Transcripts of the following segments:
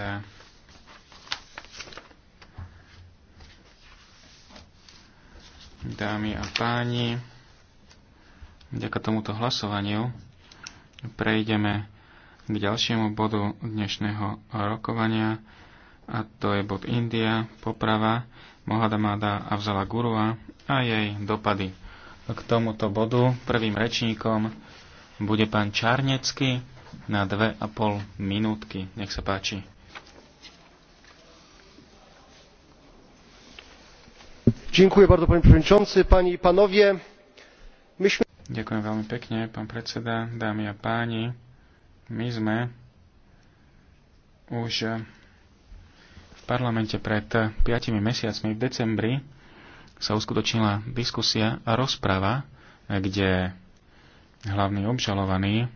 predseda. Dámy a páni, vďaka tomuto hlasovaniu prejdeme k ďalšiemu bodu dnešného rokovania a to je bod India, poprava Mohadamada Avzala Gurua a jej dopady. K tomuto bodu prvým rečníkom bude pán Čarnecký na dve a pol minútky. Nech sa páči. i ďakujem veľmi pekne pán predseda dámy a páni my sme už eh, v parlamente pred eh, piatimi mesiacmi v decembri sa uskutočnila diskusia a rozprava eh, kde hlavný obžalovaný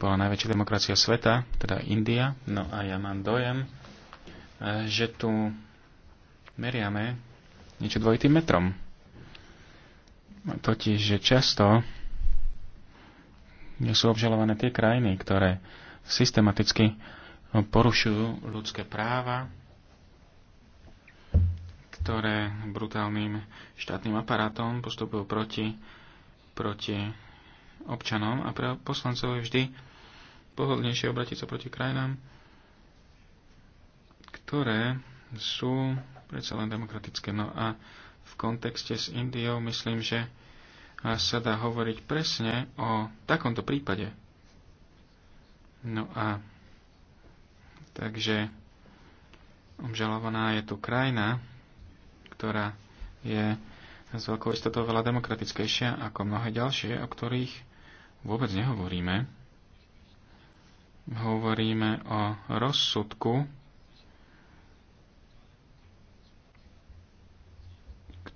bola najväčšia demokracia sveta, teda India. No a ja mám dojem, E, že tu meriame niečo dvojitým metrom. Totiž, že často sú obžalované tie krajiny, ktoré systematicky porušujú ľudské práva, ktoré brutálnym štátnym aparátom postupujú proti, proti občanom a pre poslancov je vždy pohodlnejšie obratiť sa proti krajinám, ktoré sú predsa len demokratické. No a v kontexte s Indiou myslím, že sa dá hovoriť presne o takomto prípade. No a takže obžalovaná je tu krajina, ktorá je s veľkou istotou veľa demokratickejšia ako mnohé ďalšie, o ktorých vôbec nehovoríme. Hovoríme o rozsudku,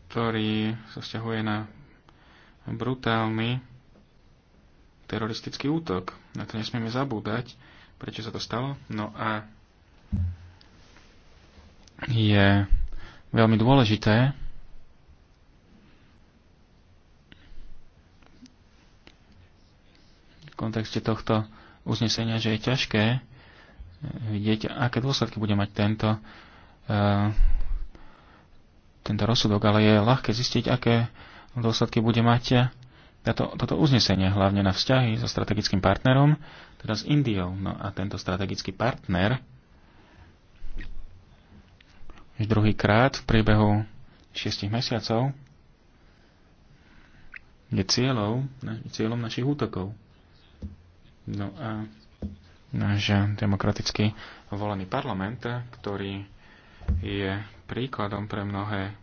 ktorý sa vzťahuje na brutálny teroristický útok. Na to nesmieme zabúdať, prečo sa to stalo. No a je veľmi dôležité, v kontexte tohto uznesenia, že je ťažké vidieť, aké dôsledky bude mať tento uh, tento rozsudok, ale je ľahké zistiť, aké dôsledky bude mať táto, toto uznesenie, hlavne na vzťahy so strategickým partnerom, teda s Indiou. No a tento strategický partner už druhýkrát v priebehu 6 mesiacov je cieľou, ne, cieľom našich útokov. No a náš demokraticky volený parlament, ktorý je príkladom pre mnohé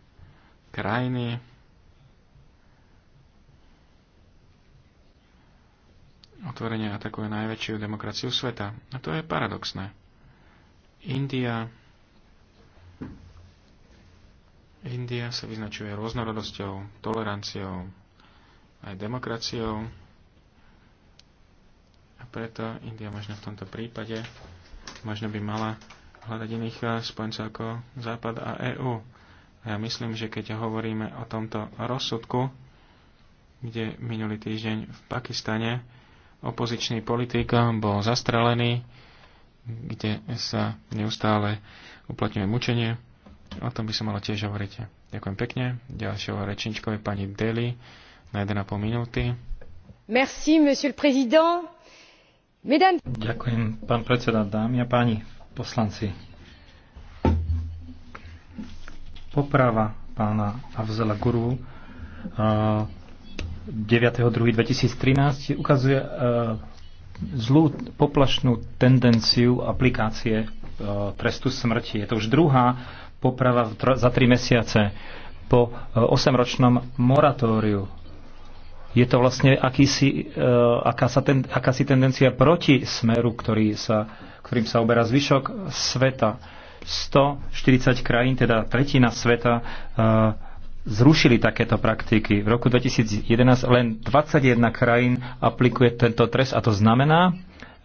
krajiny. Otvorenie atakuje najväčšiu demokraciu sveta. A to je paradoxné. India, India sa vyznačuje rôznorodosťou, toleranciou, aj demokraciou. A preto India možno v tomto prípade možno by mala hľadať iných eh, spojencov ako Západ a EÚ. Ja myslím, že keď hovoríme o tomto rozsudku, kde minulý týždeň v Pakistane opozičný politik eh, bol zastrelený, kde sa neustále uplatňuje mučenie. O tom by som mala tiež hovoriť. Ďakujem pekne. Ďalšou rečničkou je pani Deli na 1,5 minúty. Merci, monsieur le président. Mesdames... Ďakujem, pán predseda, dámy a páni poslanci. Poprava pána Avzela Guru 9.2.2013 uh, ukazuje uh, zlú poplašnú tendenciu aplikácie uh, trestu smrti. Je to už druhá poprava za tri mesiace po 8-ročnom moratóriu. Je to vlastne akýsi, akási, ten, akási tendencia proti smeru, ktorý sa ktorým sa oberá zvyšok sveta. 140 krajín, teda tretina sveta, e, zrušili takéto praktiky. V roku 2011 len 21 krajín aplikuje tento trest a to znamená,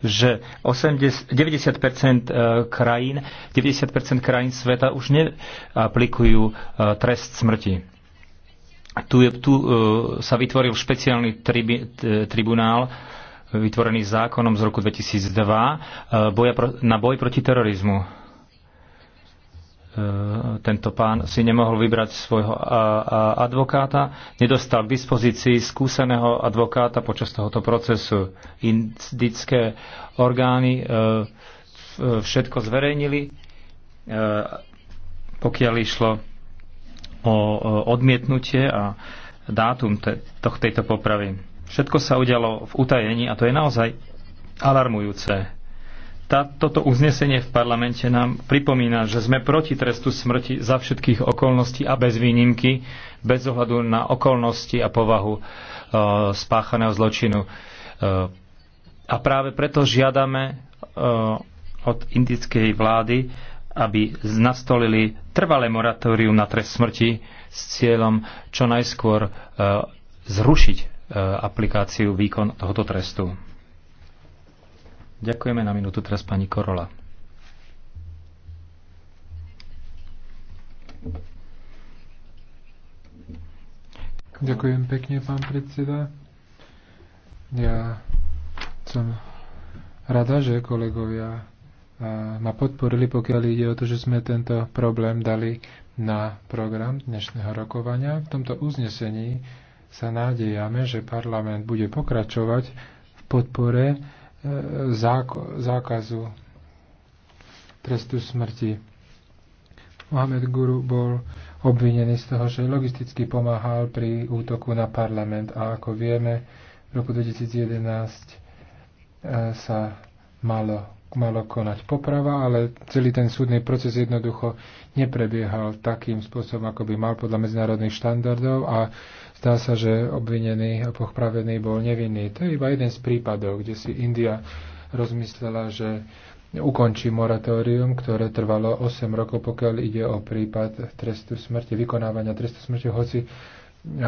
že 80, 90% e, krajín, 90% krajín sveta už neaplikujú e, trest smrti. Tu, je, tu sa vytvoril špeciálny tribi, tribunál, vytvorený zákonom z roku 2002 e, boja pro, na boj proti terorizmu. E, tento pán si nemohol vybrať svojho advokáta, nedostal k dispozícii skúseného advokáta počas tohoto procesu. Indické orgány e, všetko zverejnili, pokiaľ išlo o odmietnutie a dátum tejto popravy Všetko sa udialo v utajení a to je naozaj alarmujúce. Tá, toto uznesenie v parlamente nám pripomína, že sme proti trestu smrti za všetkých okolností a bez výnimky, bez ohľadu na okolnosti a povahu e, spáchaného zločinu. E, a práve preto žiadame e, od indickej vlády, aby nastolili trvalé moratórium na trest smrti s cieľom čo najskôr e, zrušiť Eh, aplikáciu výkon tohoto trestu. Ďakujeme na minútu teraz pani Korola. Ďakujem pekne, pán predseda. Ja som rada, že kolegovia eh, ma podporili, pokiaľ ide o to, že sme tento problém dali na program dnešného rokovania. V tomto uznesení sa nádejame, že parlament bude pokračovať v podpore e, zákazu trestu smrti. Mohamed Guru bol obvinený z toho, že logisticky pomáhal pri útoku na parlament a ako vieme, v roku 2011 e, sa malo malo konať poprava, ale celý ten súdny proces jednoducho neprebiehal takým spôsobom, ako by mal podľa medzinárodných štandardov a zdá sa, že obvinený a pochpravený bol nevinný. To je iba jeden z prípadov, kde si India rozmyslela, že ukončí moratórium, ktoré trvalo 8 rokov, pokiaľ ide o prípad trestu smrti, vykonávania trestu smrti, hoci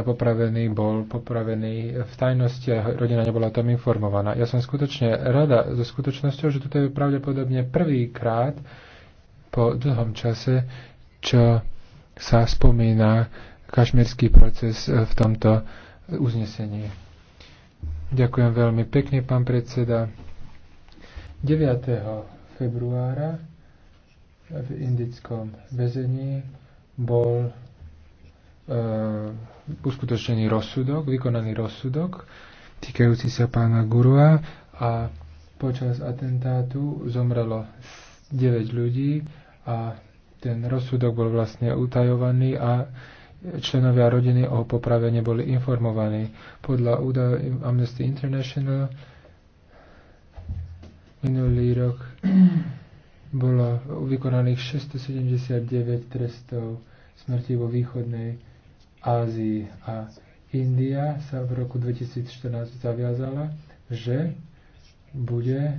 popravený, bol popravený v tajnosti a rodina nebola o tom informovaná. Ja som skutočne rada so skutočnosťou, že toto je pravdepodobne prvýkrát po dlhom čase, čo sa spomína kašmírsky proces v tomto uznesení. Ďakujem veľmi pekne, pán predseda. 9. februára v indickom väzení bol uh, uskutočnený rozsudok, vykonaný rozsudok týkajúci sa pána Gurua a počas atentátu zomrelo 9 ľudí a ten rozsudok bol vlastne utajovaný a členovia rodiny o poprave neboli informovaní. Podľa údajov Amnesty International minulý rok bolo vykonaných 679 trestov smrti vo východnej Ázii. A India sa v roku 2014 zaviazala, že bude e,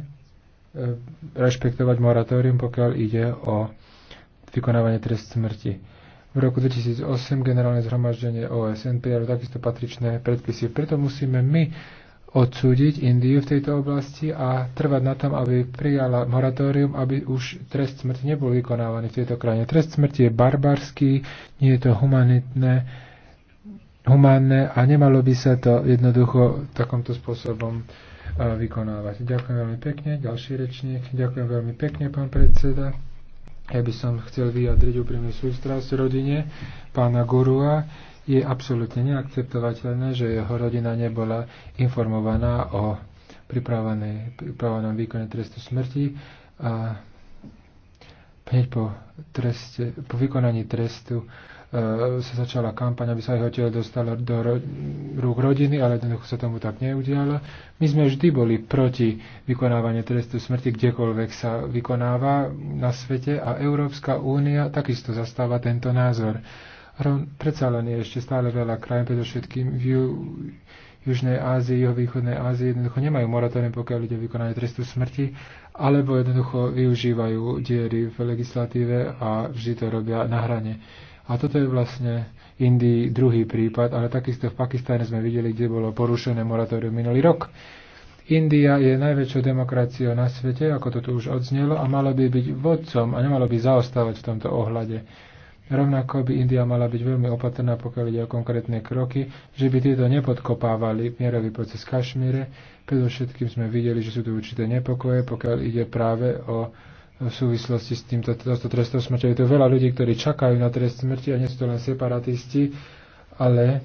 rešpektovať moratórium, pokiaľ ide o vykonávanie trest smrti. V roku 2008 generálne zhromaždenie OSN prijalo takisto patričné predpisy. Preto musíme my odsúdiť Indiu v tejto oblasti a trvať na tom, aby prijala moratórium, aby už trest smrti nebol vykonávaný v tejto krajine. Trest smrti je barbarský, nie je to humanitné humánne a nemalo by sa to jednoducho takomto spôsobom e, vykonávať. Ďakujem veľmi pekne, ďalší rečník. Ďakujem veľmi pekne, pán predseda. Ja by som chcel vyjadriť úprimnú sústrasť rodine pána Gurua. Je absolútne neakceptovateľné, že jeho rodina nebola informovaná o pripravenom výkone trestu smrti. A hneď po, treste, po vykonaní trestu Eh, sa začala kampaň, aby sa jeho telo dostalo do rúk rodiny, ale jednoducho sa tomu tak neudialo. My sme vždy boli proti vykonávaniu trestu smrti, kdekoľvek sa vykonáva na svete a Európska únia takisto zastáva tento názor. predsa len je ešte stále veľa krajín, predovšetkým v ju, Južnej Ázii, Juhovýchodnej Ázii, jednoducho nemajú moratórium, pokiaľ ľudia vykonajú trestu smrti, alebo jednoducho využívajú diery v legislatíve a vždy to robia na hrane a toto je vlastne Indii druhý prípad, ale takisto v Pakistane sme videli, kde bolo porušené moratórium minulý rok. India je najväčšou demokraciou na svete, ako to tu už odznelo, a malo by byť vodcom a nemalo by zaostávať v tomto ohľade. Rovnako by India mala byť veľmi opatrná, pokiaľ ide o konkrétne kroky, že by tieto nepodkopávali mierový proces v Kašmíre. Predovšetkým sme videli, že sú tu určité nepokoje, pokiaľ ide práve o v súvislosti s týmto, týmto trestom smrti. Je tu veľa ľudí, ktorí čakajú na trest smrti a nie sú to len separatisti, ale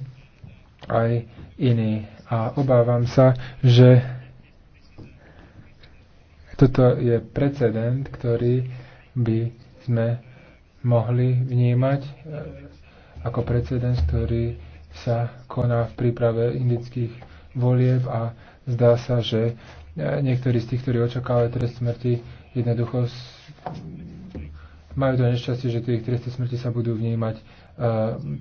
aj iní. A obávam sa, že toto je precedent, ktorý by sme mohli vnímať e, ako precedens, ktorý sa koná v príprave indických volieb a zdá sa, že e, niektorí z tých, ktorí očakávajú trest smrti, jednoducho majú to nešťastie, že tie ich tresty smrti sa budú vnímať e,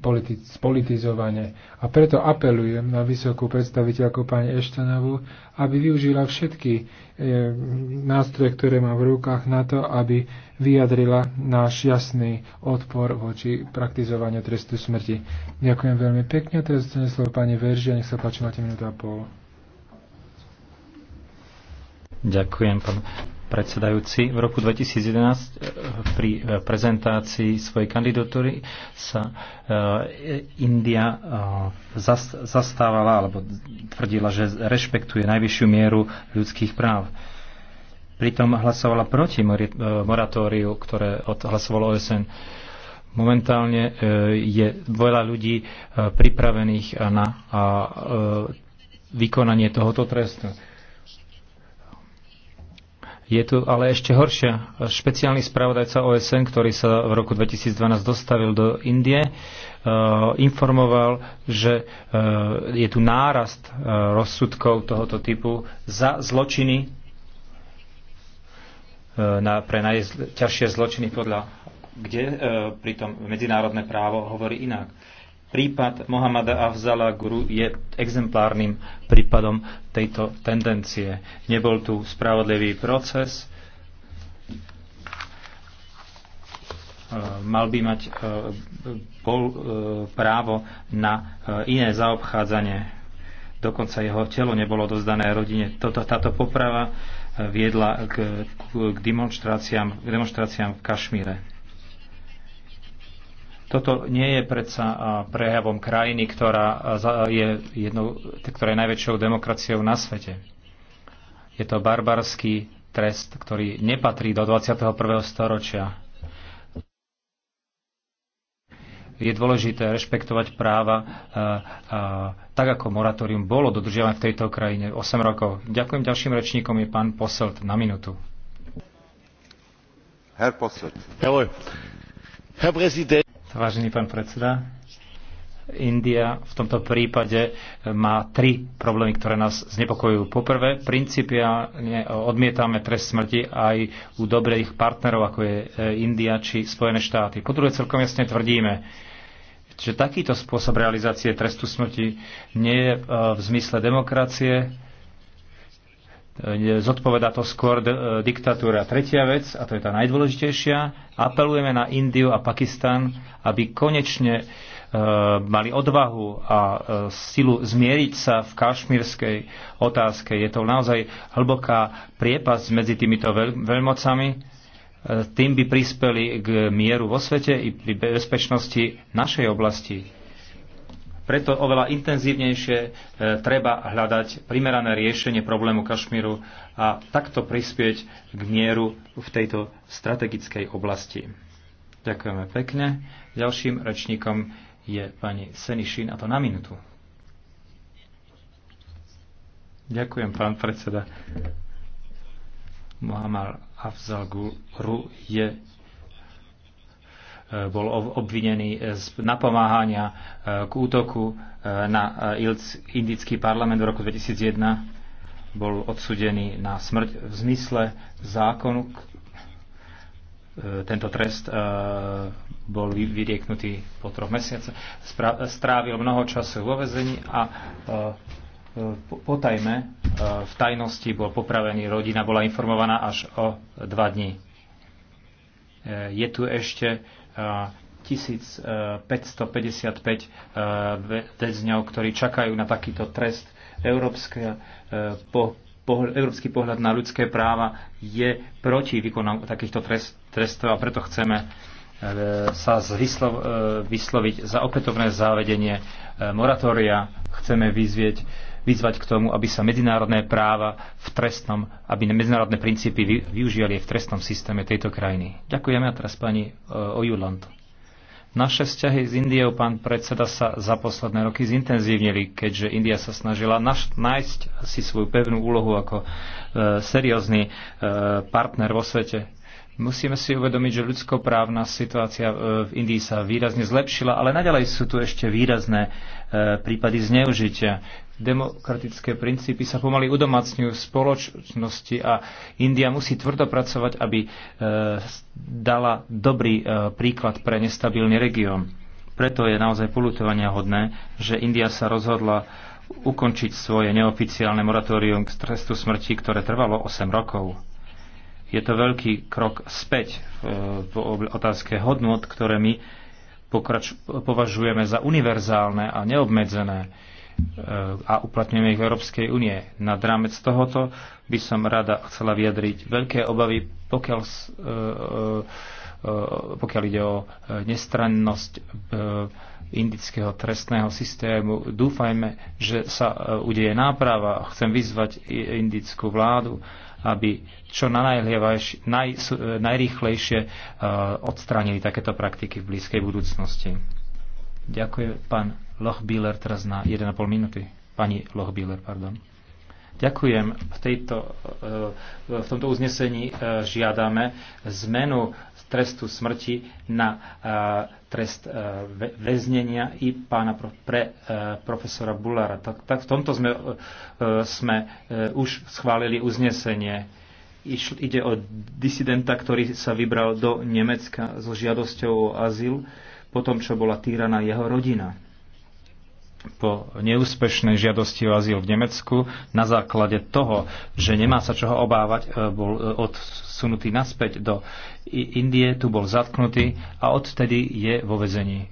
politi- spolitizovane. A preto apelujem na vysokú predstaviteľku pani Eštanovu, aby využila všetky uh, nástroje, ktoré má v rukách na to, aby vyjadrila náš jasný odpor voči praktizovaniu trestu smrti. Ďakujem veľmi pekne. Teraz dostane slovo pani Veržia. Nech sa páči, máte minútu a pol. Ďakujem, pán predsedajúci. V roku 2011 e, pri e, prezentácii svojej kandidatúry sa e, India zastávala alebo tvrdila, že rešpektuje najvyššiu mieru ľudských práv. Pritom hlasovala proti moratóriu, ktoré odhlasovalo OSN. Momentálne je veľa ľudí pripravených na vykonanie tohoto trestu je tu ale ešte horšia. Špeciálny spravodajca OSN, ktorý sa v roku 2012 dostavil do Indie, e, informoval, že e, je tu nárast e, rozsudkov tohoto typu za zločiny na, pre najťažšie zločiny podľa kde e, pritom medzinárodné právo hovorí inak. Prípad Mohamada Avzala Guru je exemplárnym prípadom tejto tendencie. Nebol tu spravodlivý proces, e, mal by mať e, bol, e, právo na iné zaobchádzanie. Dokonca jeho telo nebolo dozdané rodine. Toto, táto poprava viedla k, k, demonstráciám, k demonstráciám v Kašmíre. Toto nie je predsa prejavom krajiny, ktorá je, jednou, ktorá je najväčšou demokraciou na svete. Je to barbarský trest, ktorý nepatrí do 21. storočia. Je dôležité rešpektovať práva a, a, tak, ako moratórium bolo dodržiavané v tejto krajine 8 rokov. Ďakujem ďalším rečníkom je pán Poselt na minútu. Herr Poselt. Herr Präsident. Vážený pán predseda, India v tomto prípade eh, má tri problémy, ktoré nás znepokojujú. Poprvé, principiálne eh, odmietame trest smrti aj u dobrých partnerov, ako je eh, India či Spojené štáty. Po druhé, celkom jasne tvrdíme, že takýto spôsob realizácie trestu smrti nie je v zmysle demokracie, Zodpoveda to skôr e, diktatúra. Tretia vec, a to je tá najdôležitejšia, apelujeme na Indiu a Pakistan, aby konečne e, mali odvahu a e, silu zmieriť sa v kašmírskej otázke. Je to naozaj hlboká priepas medzi týmito veľmocami. Tým by prispeli k mieru vo svete i pri bezpečnosti našej oblasti. Preto oveľa intenzívnejšie e, treba hľadať primerané riešenie problému Kašmíru a takto prispieť k mieru v tejto strategickej oblasti. Ďakujeme pekne. Ďalším rečníkom je pani Senišin a to na minútu. Ďakujem, pán predseda. Muhammad Afzal Guru je Eh, bol obvinený eh, z napomáhania eh, k útoku na indický parlament v roku 2001. Bol odsudený na smrť v zmysle zákonu. Tento trest bol vyrieknutý po troch mesiacoch. Strávil mnoho času vo vezení a potajme v tajnosti bol popravený. Rodina bola informovaná až o dva dní. Je tu ešte 1555 eh, väzňov, ktorí čakajú na takýto trest. Európska, eh, po, európsky pohľad na ľudské práva je proti výkonu takýchto trest, trestov a preto chceme eh, sa vysloviť za opätovné závedenie moratória. Chceme vyzvieť vyzvať k tomu, aby sa medzinárodné práva v trestnom, aby medzinárodné princípy využívali v trestnom systéme tejto krajiny. Ďakujeme a teraz pani e, Ojuland. Naše vzťahy s Indiou, pán predseda, sa za posledné roky zintenzívnili, keďže India sa snažila nájsť si svoju pevnú úlohu ako e, seriózny e, partner vo svete. Musíme si uvedomiť, že ľudskoprávna situácia e, v Indii sa výrazne zlepšila, ale naďalej sú tu ešte výrazné e, prípady zneužitia demokratické princípy sa pomaly udomacňujú v spoločnosti a India musí tvrdo pracovať, aby e, dala dobrý e, príklad pre nestabilný región. Preto je naozaj polutovania hodné, že India sa rozhodla ukončiť svoje neoficiálne moratórium k trestu smrti, ktoré trvalo 8 rokov. Je to veľký krok späť e, v otázke hodnot, ktoré my pokrač- považujeme za univerzálne a neobmedzené a uplatňujeme ich v Európskej únie. Na rámec tohoto by som rada chcela vyjadriť veľké obavy, pokiaľ, e, e, e, pokiaľ ide o nestrannosť indického trestného systému. Dúfajme, že sa udeje náprava. Chcem vyzvať indickú vládu, aby čo na naj, najrýchlejšie odstránili takéto praktiky v blízkej budúcnosti. Ďakujem, pán Lochbíler teraz na 1,5 minúty. Pani Lochbíler, pardon. Ďakujem. V, tejto, e, v tomto uznesení e, žiadame zmenu trestu smrti na e, trest väznenia i pána pre profesora Bulara. Tak, tak v tomto sme, sme už schválili uznesenie. ide o disidenta, ktorý sa vybral do Nemecka so žiadosťou o azyl po tom, čo bola týraná jeho rodina po neúspešnej žiadosti o azyl v Nemecku na základe toho, že nemá sa čoho obávať, e, bol e, odsunutý naspäť do Indie, tu bol zatknutý a odtedy je vo vezení.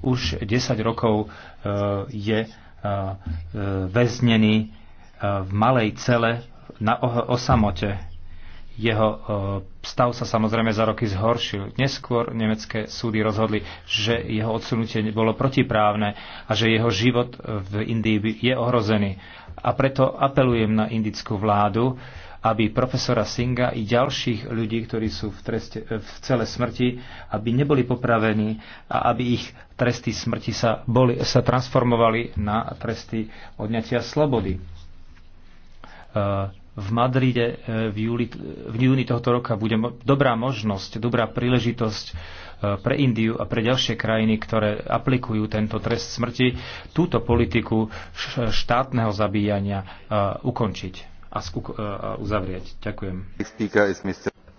Už 10 rokov e, je väznený v malej cele na osamote jeho eh, stav sa samozrejme za roky zhoršil. Neskôr nemecké súdy rozhodli, že jeho odsunutie bolo protiprávne a že jeho život eh, v Indii je ohrozený. A preto apelujem na indickú vládu, aby profesora Singa i ďalších ľudí, ktorí sú v, treste, eh, v cele smrti, aby neboli popravení a aby ich tresty smrti sa, boli, sa transformovali na tresty odňatia slobody v Madride e, v júni, v júni tohoto roka bude dobrá možnosť, dobrá príležitosť e, pre Indiu a pre ďalšie krajiny, ktoré aplikujú tento trest smrti, túto politiku štátneho zabíjania e, ukončiť a uzavrieť. Ďakujem.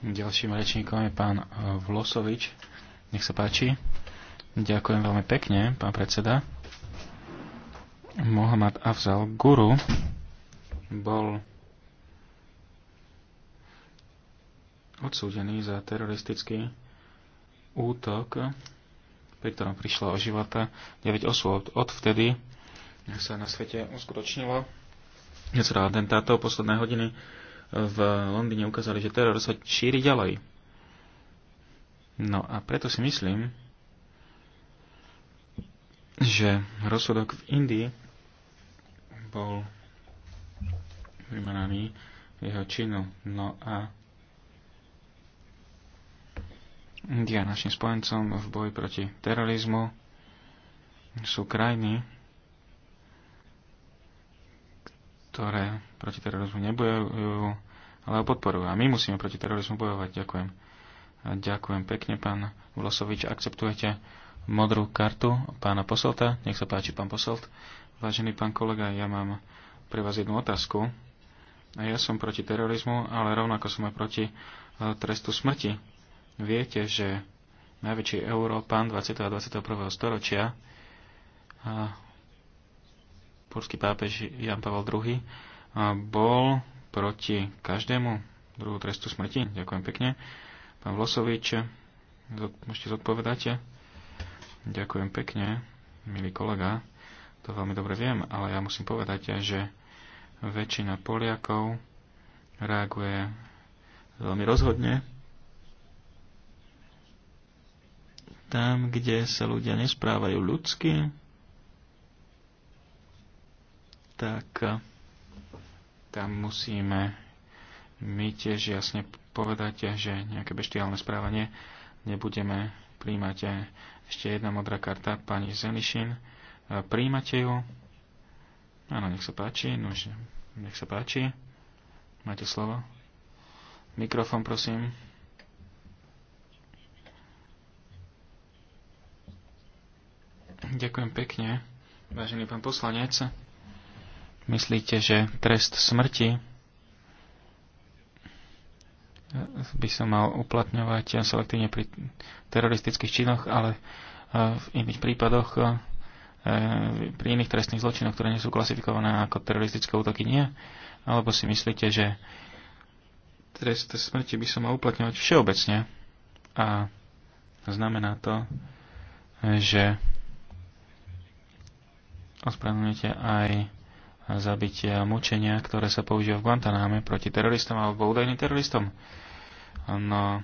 Ďalším rečníkom je pán Vlosovič. Nech sa páči. Ďakujem veľmi pekne, pán predseda. Mohamed Afzal Guru bol odsúdený za teroristický útok, pri ktorom prišlo o života 9 osôb. Odvtedy sa na svete uskutočnilo viacero atentátov. Posledné hodiny v Londýne ukázali, že teror sa šíri ďalej. No a preto si myslím, že rozsudok v Indii bol vymenaný jeho činu. No a India našim spojencom v boji proti terorizmu sú krajiny, ktoré proti terorizmu nebojujú, ale ho podporujú. A my musíme proti terorizmu bojovať. Ďakujem. A ďakujem pekne, pán Vlosovič. Akceptujete modrú kartu pána Posolta? Nech sa páči, pán Posolt. Vážený pán kolega, ja mám pre vás jednu otázku. Ja som proti terorizmu, ale rovnako som aj proti eh, trestu smrti Viete, že najväčší Európan 20. a 21. storočia a polský pápež Jan Pavel II bol proti každému druhu trestu smrti. Ďakujem pekne. Pán Vlosovič, môžete zodpovedať. Ďakujem pekne, milý kolega. To veľmi dobre viem, ale ja musím povedať, že väčšina Poliakov reaguje veľmi rozhodne tam, kde sa ľudia nesprávajú ľudsky, tak eh, tam musíme my tiež jasne povedať, že nejaké beštiálne správanie nebudeme príjmať. Eh, ešte jedna modrá karta, pani Zenišin. Eh, Príjmate ju? Áno, nech sa páči. Nož, nech sa páči. Máte slovo. Mikrofón, prosím. Ďakujem pekne, vážený pán poslanec. Myslíte, že trest smrti by sa mal uplatňovať selektívne pri teroristických činoch, ale e, v iných prípadoch, e, pri iných trestných zločinoch, ktoré nie sú klasifikované ako teroristické útoky, nie? Alebo si myslíte, že trest smrti by sa mal uplatňovať všeobecne? A znamená to, že ospravedlňujete aj zabitia mučenia, ktoré sa používa v Guantanáme proti teroristom alebo údajným teroristom. No,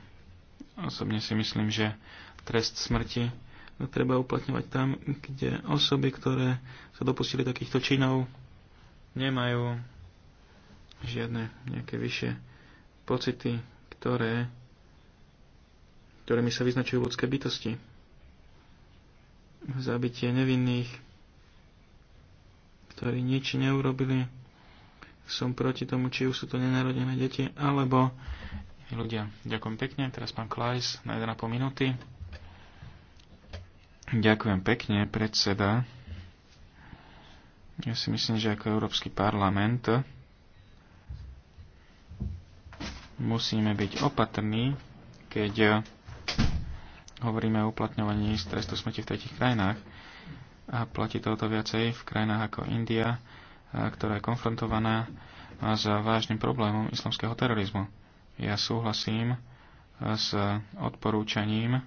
osobne si myslím, že trest smrti treba uplatňovať tam, kde osoby, ktoré sa dopustili takýchto činov, nemajú žiadne nejaké vyššie pocity, ktoré, ktorými sa vyznačujú ľudské bytosti. Zabitie nevinných, ktorí nič neurobili. Som proti tomu, či už sú to nenarodené deti, alebo ľudia. Ďakujem pekne. Teraz pán Klajs na 1,5 minúty. Ďakujem pekne, predseda. Ja si myslím, že ako Európsky parlament musíme byť opatrní, keď hovoríme o uplatňovaní trestu smrti v tretich krajinách a platí toto viacej v krajinách ako India, ktorá je konfrontovaná s vážnym problémom islamského terorizmu. Ja súhlasím s odporúčaním,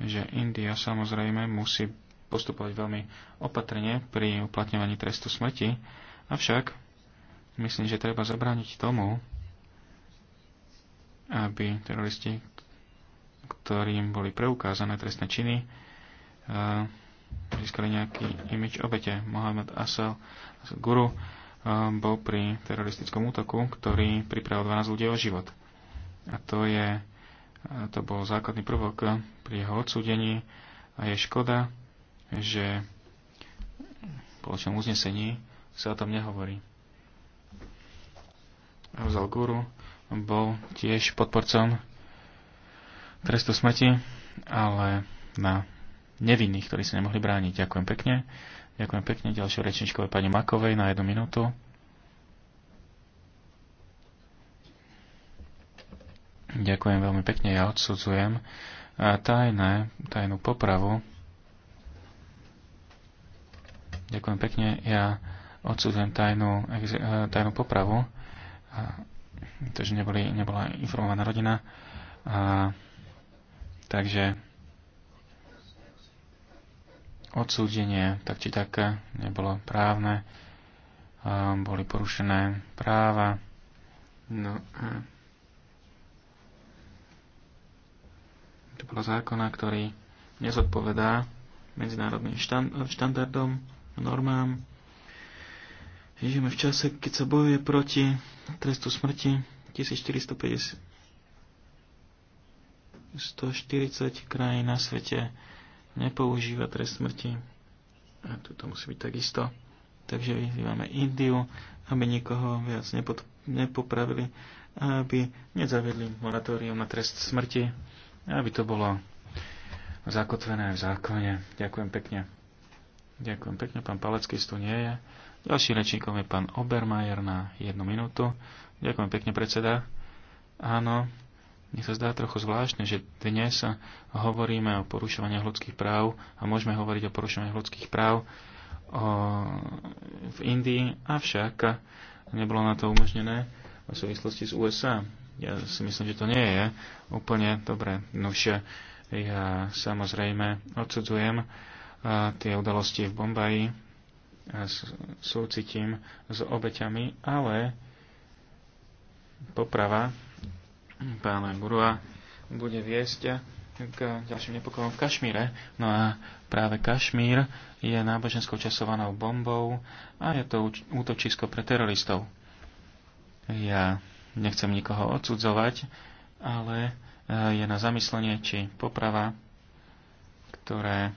že India samozrejme musí postupovať veľmi opatrne pri uplatňovaní trestu smrti, avšak myslím, že treba zabrániť tomu, aby teroristi, ktorým boli preukázané trestné činy, získali nejaký imič obete. Mohamed Asel, guru, um, bol pri teroristickom útoku, ktorý pripravil 12 ľudí o život. A to je to bol základný prvok pri jeho odsúdení a je škoda, že v spoločnom uznesení sa o tom nehovorí. Rozal Guru bol tiež podporcom trestu smrti, ale na nevinných, ktorí sa nemohli brániť. Ďakujem pekne. Ďakujem pekne ďalšou rečničkou pani Makovej na jednu minútu. Ďakujem veľmi pekne, ja odsudzujem tajné, tajnú popravu. Ďakujem pekne, ja odsudzujem tajnú, e, tajnú popravu, takže nebola informovaná rodina. A, takže odsúdenie tak či také nebolo právne, boli porušené práva. No a to bolo zákona, ktorý nezodpovedá medzinárodným štand- štandardom, normám. Žijeme v čase, keď sa bojuje proti trestu smrti 1450 140 krajín na svete nepoužíva trest smrti. A tu to musí byť takisto. Takže vyzývame Indiu, aby nikoho viac nepod, nepopravili, aby nezaviedli moratórium na trest smrti, aby to bolo zakotvené v zákone. Ďakujem pekne. Ďakujem pekne, pán Palecký tu nie je. Ďalší rečníkom je pán Obermajer na jednu minútu. Ďakujem pekne, predseda. Áno, mne sa zdá trochu zvláštne, že dnes sa hovoríme o porušovaní ľudských práv a môžeme hovoriť o porušovaní ľudských práv o, v Indii, avšak nebolo na to umožnené v súvislosti s USA. Ja si myslím, že to nie je úplne dobré Nože ja samozrejme odsudzujem tie udalosti v Bombaji a súcitím s obeťami, ale poprava pána Gurua bude viesť k ďalším nepokojom v Kašmíre. No a práve Kašmír je náboženskou časovanou bombou a je to útočisko pre teroristov. Ja nechcem nikoho odsudzovať, ale e, je na zamyslenie, či poprava, ktoré,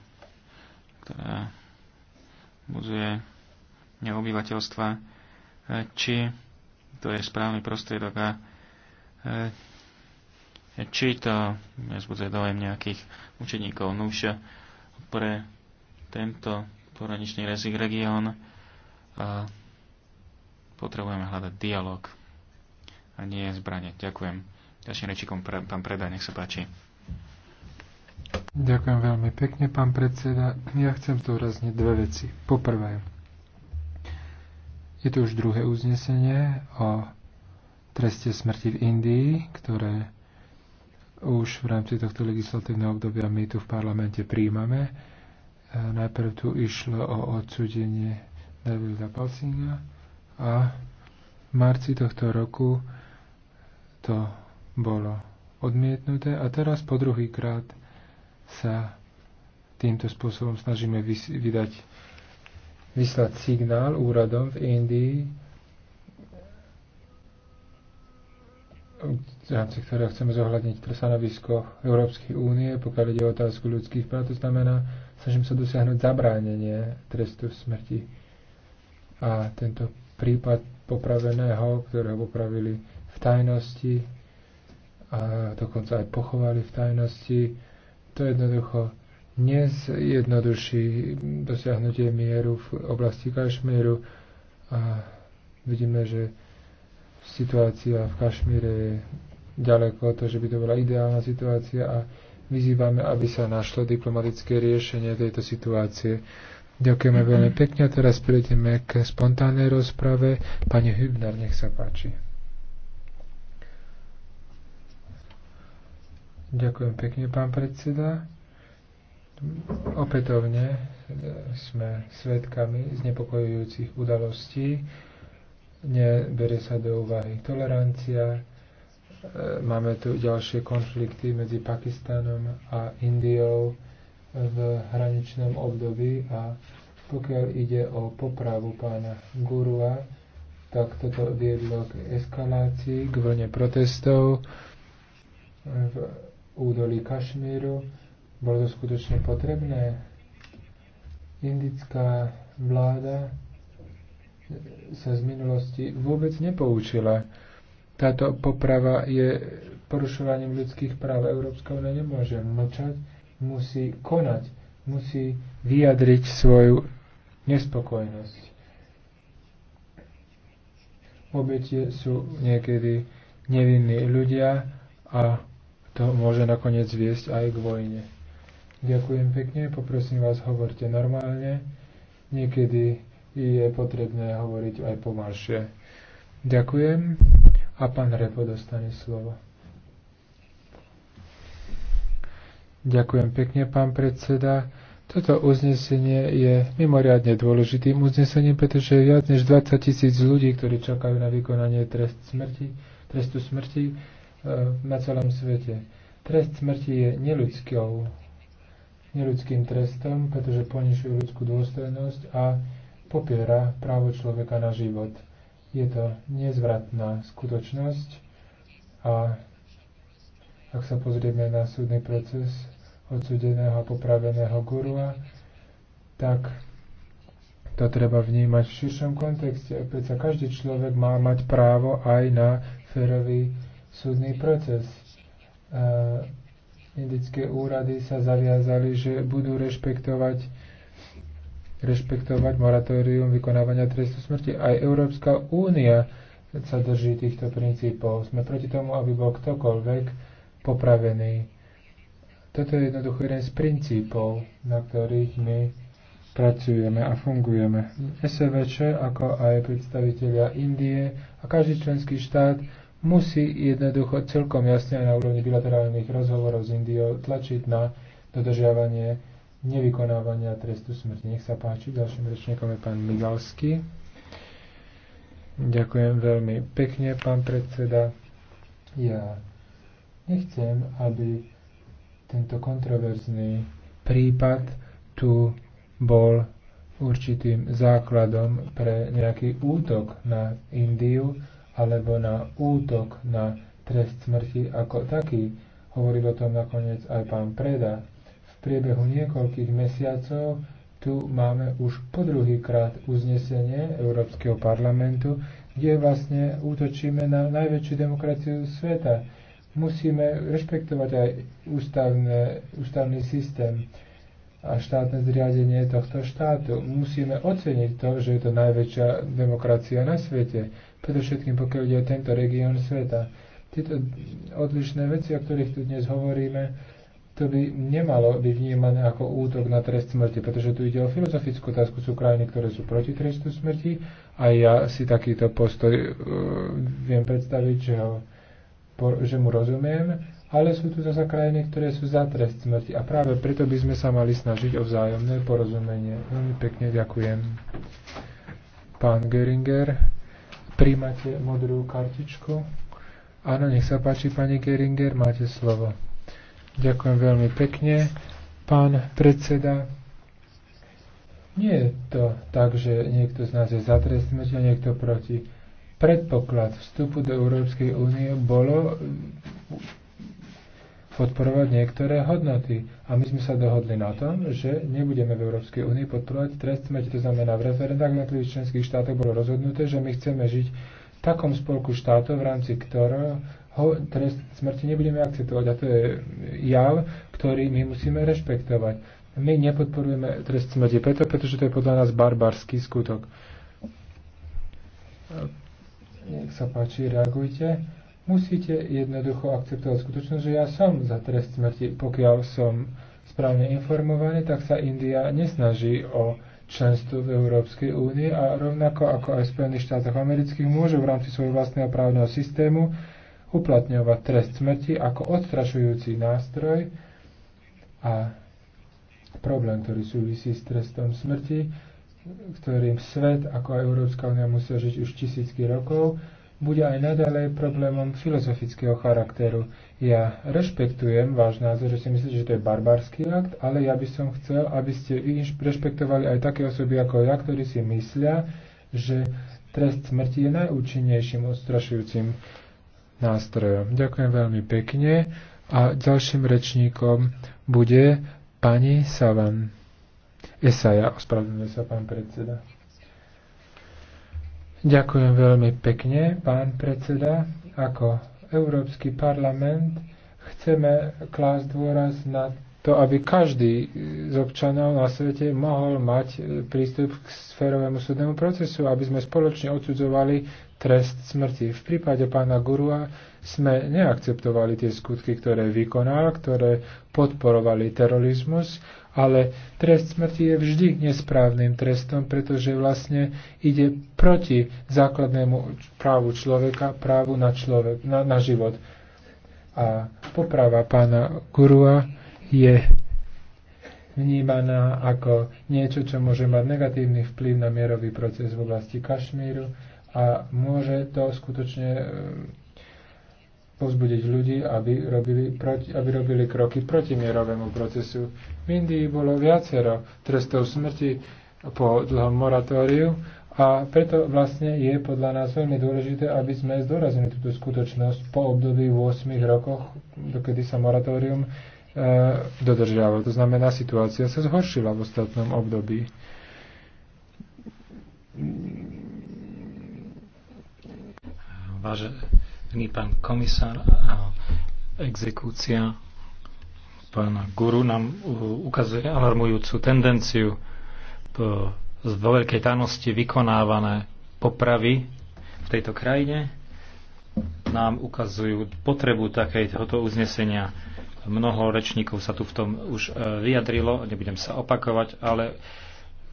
ktorá budzuje neobyvateľstva, e, či to je správny prostriedok a e, či to nezbudzuje dojem nejakých učeníkov. Nuž pre tento poraničný región potrebujeme hľadať dialog a nie zbranie. Ďakujem. Ďalším rečikom pre, pán Preda, nech sa páči. Ďakujem veľmi pekne, pán predseda. Ja chcem zdôrazniť dve veci. Poprvé, je to už druhé uznesenie o treste smrti v Indii, ktoré už v rámci tohto legislatívneho obdobia my tu v parlamente príjmame. E, najprv tu išlo o odsudenie Davida Palsinga a v marci tohto roku to bolo odmietnuté a teraz po druhý krát sa týmto spôsobom snažíme vydať, vyslať signál úradom v Indii, v rámci ktorého chceme zohľadniť pre stanovisko Európskej únie, pokiaľ ide o otázku ľudských práv. To znamená, snažím sa dosiahnuť zabránenie trestu smrti. A tento prípad popraveného, ktorého popravili v tajnosti a dokonca aj pochovali v tajnosti, to jednoducho nezjednoduší dosiahnutie mieru v oblasti Kašmíru a vidíme, že situácia v Kašmíre je ďaleko od toho, že by to bola ideálna situácia a vyzývame, aby sa našlo diplomatické riešenie tejto situácie. Ďakujeme veľmi pekne a teraz prejdeme k spontánnej rozprave. Pani Hübner, nech sa páči. Ďakujem pekne, pán predseda. Opätovne sme svedkami znepokojujúcich udalostí. Nebere sa do úvahy tolerancia, E, máme tu ďalšie konflikty medzi Pakistanom a Indiou v hraničnom období a pokiaľ ide o popravu pána Gurua, tak toto viedlo k eskalácii, k vlne protestov v údolí Kašmíru. Bolo to skutočne potrebné? Indická vláda sa z minulosti vôbec nepoučila táto poprava je porušovaním ľudských práv. Európska únia nemôže mlčať, musí konať, musí vyjadriť svoju nespokojnosť. Obete sú niekedy nevinní ľudia a to môže nakoniec viesť aj k vojne. Ďakujem pekne, poprosím vás, hovorte normálne. Niekedy je potrebné hovoriť aj pomalšie. Ďakujem a pán Repo dostane slovo. Ďakujem pekne, pán predseda. Toto uznesenie je mimoriadne dôležitým uznesením, pretože je viac než 20 tisíc ľudí, ktorí čakajú na vykonanie trest smrti, trestu smrti e, na celom svete. Trest smrti je neludskou, neludským trestom, pretože ponižuje ľudskú dôstojnosť a popiera právo človeka na život. Je to nezvratná skutočnosť a ak sa pozrieme na súdny proces odsudeného a popraveného gurua, tak to treba vnímať v širšom kontexte. Predsa každý človek má mať právo aj na férový súdny proces. Uh, indické úrady sa zaviazali, že budú rešpektovať rešpektovať moratórium vykonávania trestu smrti. Aj Európska únia sa drží týchto princípov. Sme proti tomu, aby bol ktokoľvek popravený. Toto je jednoducho jeden z princípov, na ktorých my pracujeme a fungujeme. SVČ, ako aj predstavitelia Indie a každý členský štát musí jednoducho celkom jasne na úrovni bilaterálnych rozhovorov s Indiou tlačiť na dodržiavanie nevykonávania trestu smrti. Nech sa páči, ďalším rečníkom je pán Migalský. Ďakujem veľmi pekne, pán predseda. Ja nechcem, aby tento kontroverzný prípad tu bol určitým základom pre nejaký útok na Indiu alebo na útok na trest smrti ako taký. Hovoril o tom nakoniec aj pán Preda, priebehu niekoľkých mesiacov tu máme už po druhýkrát uznesenie Európskeho parlamentu, kde vlastne útočíme na najväčšiu demokraciu sveta. Musíme rešpektovať aj ústavné, ústavný systém a štátne zriadenie tohto štátu. Musíme oceniť to, že je to najväčšia demokracia na svete, predovšetkým pokiaľ ide o tento región sveta. Tieto odlišné veci, o ktorých tu dnes hovoríme, to by nemalo byť vnímané ako útok na trest smrti, pretože tu ide o filozofickú otázku, sú krajiny, ktoré sú proti trestu smrti a ja si takýto postoj uh, viem predstaviť, že, ho, po, že mu rozumiem, ale sú tu zase krajiny, ktoré sú za trest smrti a práve preto by sme sa mali snažiť o vzájomné porozumenie. Veľmi pekne ďakujem. Pán Geringer, príjmate modrú kartičku? Áno, nech sa páči, pani Geringer, máte slovo. Ďakujem veľmi pekne. Pán predseda, nie je to tak, že niekto z nás je za trest a niekto proti. Predpoklad vstupu do Európskej únie bolo podporovať niektoré hodnoty. A my sme sa dohodli na tom, že nebudeme v Európskej únii podporovať trest smrti. To znamená, v referendách na členských štátoch bolo rozhodnuté, že my chceme žiť v takom spolku štátov, v rámci ktorého ho, trest smrti nebudeme akceptovať. A to je jav, ktorý my musíme rešpektovať. My nepodporujeme trest smrti preto, pretože to je podľa nás barbarský skutok. Nech sa páči, reagujte. Musíte jednoducho akceptovať skutočnosť, že ja som za trest smrti. Pokiaľ som správne informovaný, tak sa India nesnaží o členstvo v Európskej únie a rovnako ako aj v Spojených štátoch amerických môže v rámci svojho vlastného právneho systému uplatňovať trest smrti ako odstrašujúci nástroj a problém, ktorý súvisí s trestom smrti, ktorým svet ako Európska únia musia žiť už tisícky rokov, bude aj nadalej problémom filozofického charakteru. Ja rešpektujem váš názor, že si myslíte, že to je barbarský akt, ale ja by som chcel, aby ste vy rešpektovali aj také osoby ako ja, ktorí si myslia, že trest smrti je najúčinnejším odstrašujúcim nástrojom. Ďakujem veľmi pekne a ďalším rečníkom bude pani Savan. Esaja, ospravedlňuje sa pán predseda. Ďakujem veľmi pekne, pán predseda. Ako Európsky parlament chceme klásť dôraz na to, aby každý z občanov na svete mohol mať e, prístup k sférovému súdnemu procesu, aby sme spoločne odsudzovali trest smrti. V prípade pána Gurua sme neakceptovali tie skutky, ktoré vykonal, ktoré podporovali terorizmus, ale trest smrti je vždy nesprávnym trestom, pretože vlastne ide proti základnému právu človeka, právu na, človek, na, na život. A poprava pána Gurua je vnímaná ako niečo, čo môže mať negatívny vplyv na mierový proces v oblasti Kašmíru a môže to skutočne e, pozbudiť ľudí, aby robili, proti, aby robili kroky proti mierovému procesu. V Indii bolo viacero trestov smrti po dlhom moratóriu a preto vlastne je podľa nás veľmi dôležité, aby sme zdorazili túto skutočnosť po období 8 rokoch, dokedy sa moratórium E, dodržiaval. To znamená, situácia sa zhoršila v ostatnom období. Vážený pán komisár, exekúcia pána Guru nám ukazuje alarmujúcu tendenciu z veľkej tajnosti vykonávané popravy v tejto krajine nám ukazujú potrebu takéhoto uznesenia. Mnoho rečníkov sa tu v tom už e, vyjadrilo, nebudem sa opakovať, ale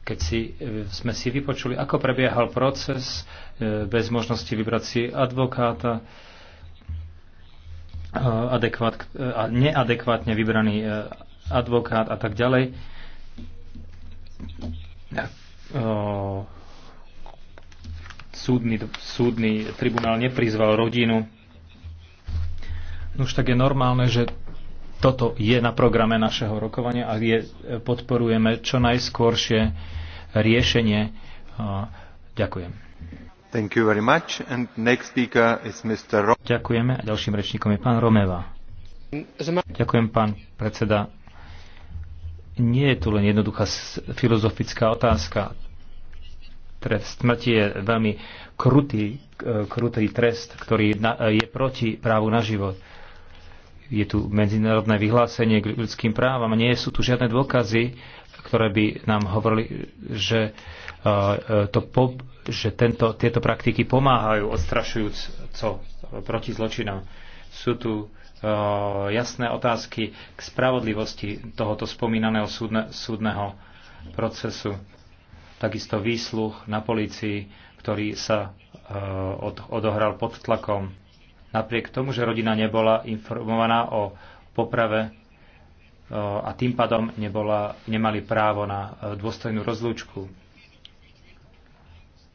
keď si, e, sme si vypočuli, ako prebiehal proces e, bez možnosti vybrať si advokáta, adekvát, neadekvátne vybraný advokát a tak ďalej. Súdny, súdny tribunál neprizval rodinu. Už tak je normálne, že toto je na programe našeho rokovania a je, podporujeme čo najskôršie riešenie. Ďakujem. Thank you very much. And next speaker is Mr. Ro- Ďakujeme. A ďalším rečníkom je pán Romeva. Ďakujem, pán predseda. Nie je tu len jednoduchá filozofická otázka. Trest smrti je veľmi krutý, krutý trest, ktorý je proti právu na život je tu medzinárodné vyhlásenie k ľudským právam a nie sú tu žiadne dôkazy, ktoré by nám hovorili, že, e, e, to po, že tento, tieto praktiky pomáhajú co proti zločinom. Sú tu e, jasné otázky k spravodlivosti tohoto spomínaného súdne, súdneho procesu. Takisto výsluch na polícii, ktorý sa odohral pod tlakom napriek tomu, že rodina nebola informovaná o poprave a tým pádom nebola, nemali právo na e, dôstojnú rozlúčku.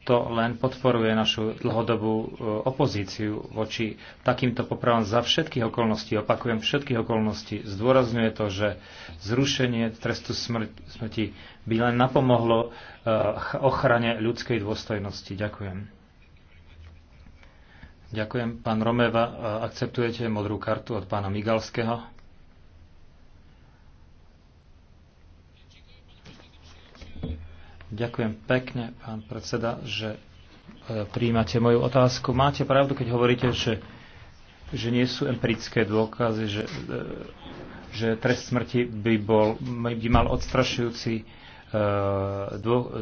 To len podporuje našu dlhodobú e, opozíciu voči takýmto popravám za všetkých okolností, opakujem všetkých okolností. Zdôrazňuje to, že zrušenie trestu smrti by len napomohlo e, ochrane ľudskej dôstojnosti. Ďakujem. Ďakujem. Pán Romeva, akceptujete modrú kartu od pána Migalského? Ďakujem pekne, pán predseda, že e, príjmate moju otázku. Máte pravdu, keď hovoríte, že, že nie sú empirické dôkazy, že, e, že trest smrti by, bol, by mal odstrašujúci e,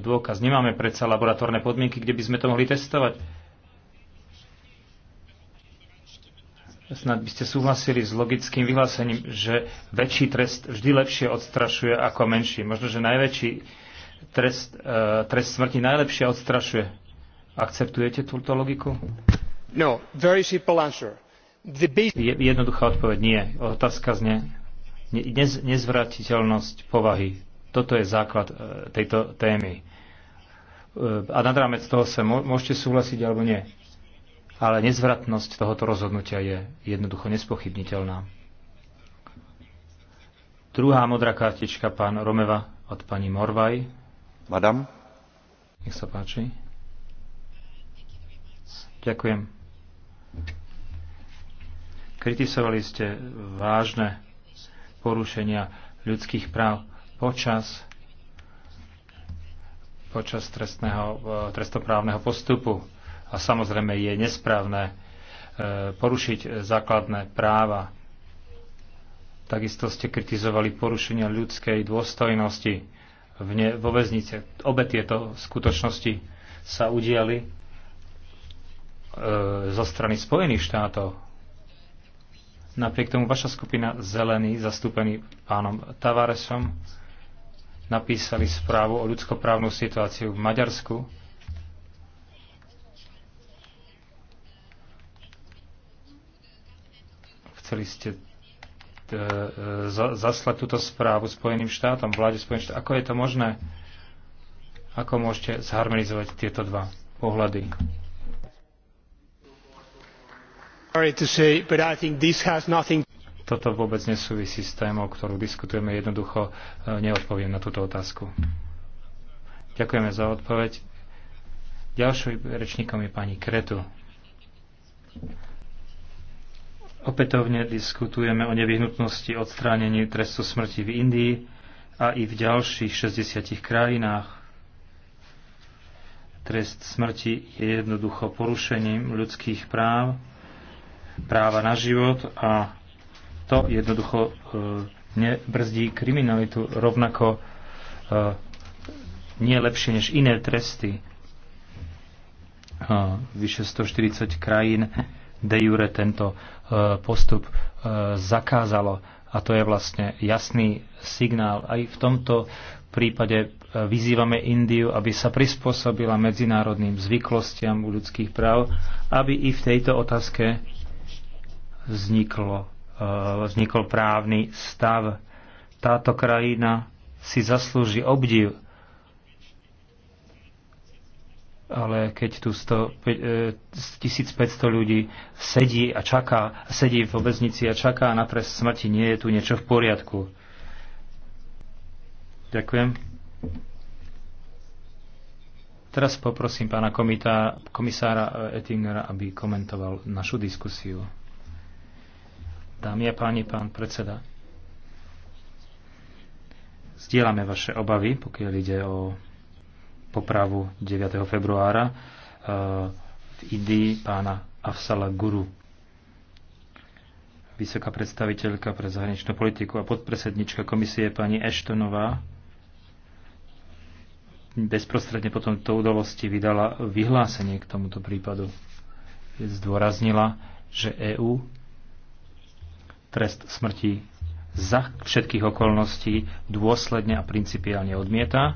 dôkaz. Nemáme predsa laboratórne podmienky, kde by sme to mohli testovať Snad by ste súhlasili s logickým vyhlásením, že väčší trest vždy lepšie odstrašuje ako menší. Možno, že najväčší trest, e, trest smrti najlepšie odstrašuje. Akceptujete túto logiku? No, very simple answer. The Je, Jednoduchá odpoveď nie. Otázka zne nez, nezvratiteľnosť povahy. Toto je základ e, tejto témy. E, a nad rámec toho sa môžete súhlasiť alebo nie ale nezvratnosť tohoto rozhodnutia je jednoducho nespochybniteľná. Druhá modrá kartička pán Romeva od pani Morvaj. Madam. Nech sa páči. Ďakujem. Kritizovali ste vážne porušenia ľudských práv počas počas trestného, e, trestnoprávneho postupu a samozrejme je nesprávne e, porušiť základné práva. Takisto ste kritizovali porušenia ľudskej dôstojnosti v ne, vo väznice. Obe tieto skutočnosti sa udiali e, zo strany Spojených štátov. Napriek tomu vaša skupina Zelený, zastúpený pánom Tavaresom, napísali správu o ľudskoprávnu situáciu v Maďarsku, Chceli ste e, e, zaslať túto správu Spojeným štátom, vláde Spojených štátov. Ako je to možné? Ako môžete zharmonizovať tieto dva pohľady? Toto vôbec nesúvisí s témou, ktorú diskutujeme. Jednoducho e, neodpoviem na túto otázku. Ďakujeme za odpoveď. Ďalším rečníkom je pani Kretu. Opätovne diskutujeme o nevyhnutnosti odstránení trestu smrti v Indii a i v ďalších 60 krajinách. Trest smrti je jednoducho porušením ľudských práv, práva na život a to jednoducho e, nebrzdí kriminalitu rovnako e, nie lepšie než iné tresty. E, vyše 140 krajín de jure tento e, postup e, zakázalo. A to je vlastne jasný signál. Aj v tomto prípade e, vyzývame Indiu, aby sa prispôsobila medzinárodným zvyklostiam ľudských práv, aby i v tejto otázke vzniklo, vznikol právny stav. Táto krajina si zaslúži obdiv ale keď tu 100, 1500 e, ľudí sedí a čaká, sedí v obeznici a čaká na trest smrti, nie je tu niečo v poriadku. Ďakujem. Teraz poprosím pána komita, komisára e, Ettingera, aby komentoval našu diskusiu. Dámy a páni, pán predseda, zdieľame vaše obavy, pokiaľ ide o popravu 9. februára e, v Idii pána Afsala Guru. Vysoká predstaviteľka pre zahraničnú politiku a podpredsednička komisie pani Eštonová bezprostredne po tomto udalosti vydala vyhlásenie k tomuto prípadu. Zdôraznila, že EÚ trest smrti za všetkých okolností dôsledne a principiálne odmieta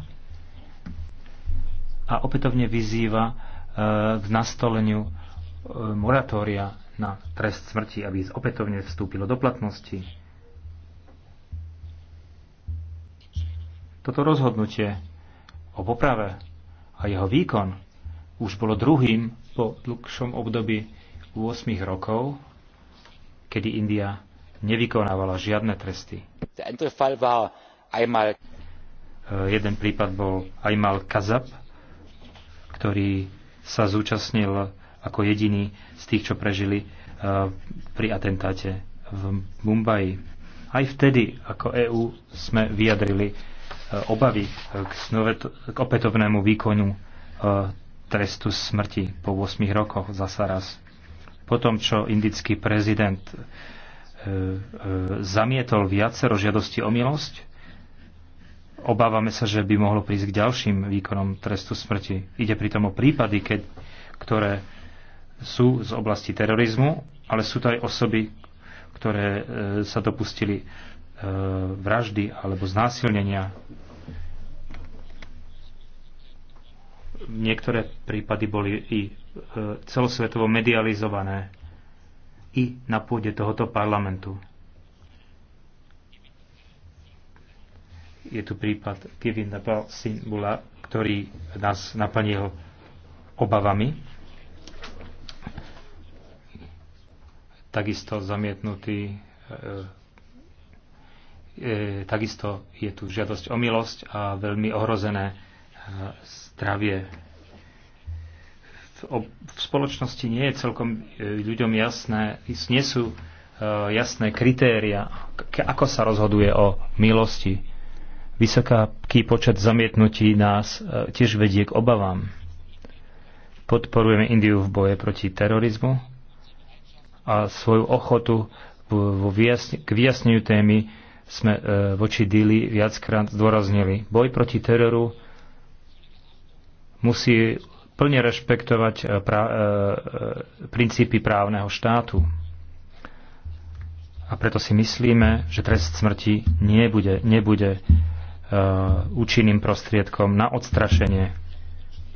a opätovne vyzýva e, k nastoleniu e, moratória na trest smrti, aby opätovne vstúpilo do platnosti. Toto rozhodnutie o poprave a jeho výkon už bolo druhým po dlhšom období 8 rokov, kedy India nevykonávala žiadne tresty. E, jeden prípad bol Aymal Kazab, ktorý sa zúčastnil ako jediný z tých, čo prežili eh, pri atentáte v Mumbai. Aj vtedy, ako EÚ, sme vyjadrili eh, obavy k, k opätovnému výkonu eh, trestu smrti po 8 rokoch za Saras. Po tom, čo indický prezident zamietol viacero žiadosti o milosť, Obávame sa, že by mohlo prísť k ďalším výkonom trestu smrti. Ide pritom o prípady, keď, ktoré sú z oblasti terorizmu, ale sú to aj osoby, ktoré e, sa dopustili e, vraždy alebo znásilnenia. Niektoré prípady boli i e, celosvetovo medializované i na pôde tohoto parlamentu. Je tu prípad Kevin Simbula, ktorý nás naplnil obavami. Takisto zamietnutý e, e, takisto je tu žiadosť o milosť a veľmi ohrozené e, zdravie. V, o, v spoločnosti nie je celkom e, ľuďom jasné, nie sú e, jasné kritéria, ako sa rozhoduje o milosti Vysoký počet zamietnutí nás e, tiež vedie k obavám. Podporujeme Indiu v boje proti terorizmu a svoju ochotu k vyjasneniu témy sme e, voči Dili viackrát zdôraznili. Boj proti teroru musí plne rešpektovať e, princípy právneho štátu. A preto si myslíme, že trest smrti nebude, nebude Eh, účinným prostriedkom na odstrašenie,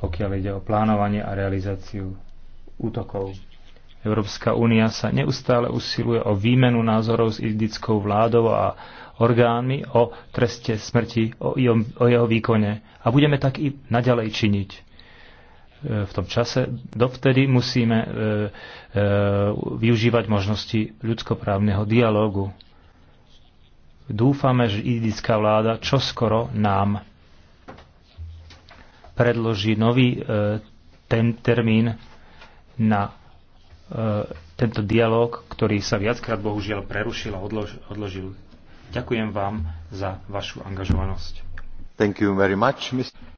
pokiaľ ide o plánovanie a realizáciu útokov. Európska únia sa neustále usiluje o výmenu názorov s indickou vládou a orgánmi o treste smrti, o jeho, o jeho výkone. A budeme tak i naďalej činiť. Eh, v tom čase dovtedy musíme eh, využívať možnosti ľudskoprávneho dialógu Dúfame, že idická vláda čoskoro nám predloží nový e, ten termín na e, tento dialog, ktorý sa viackrát bohužiaľ prerušil a odlož, odložil. Ďakujem vám za vašu angažovanosť. Thank you very much, Mr.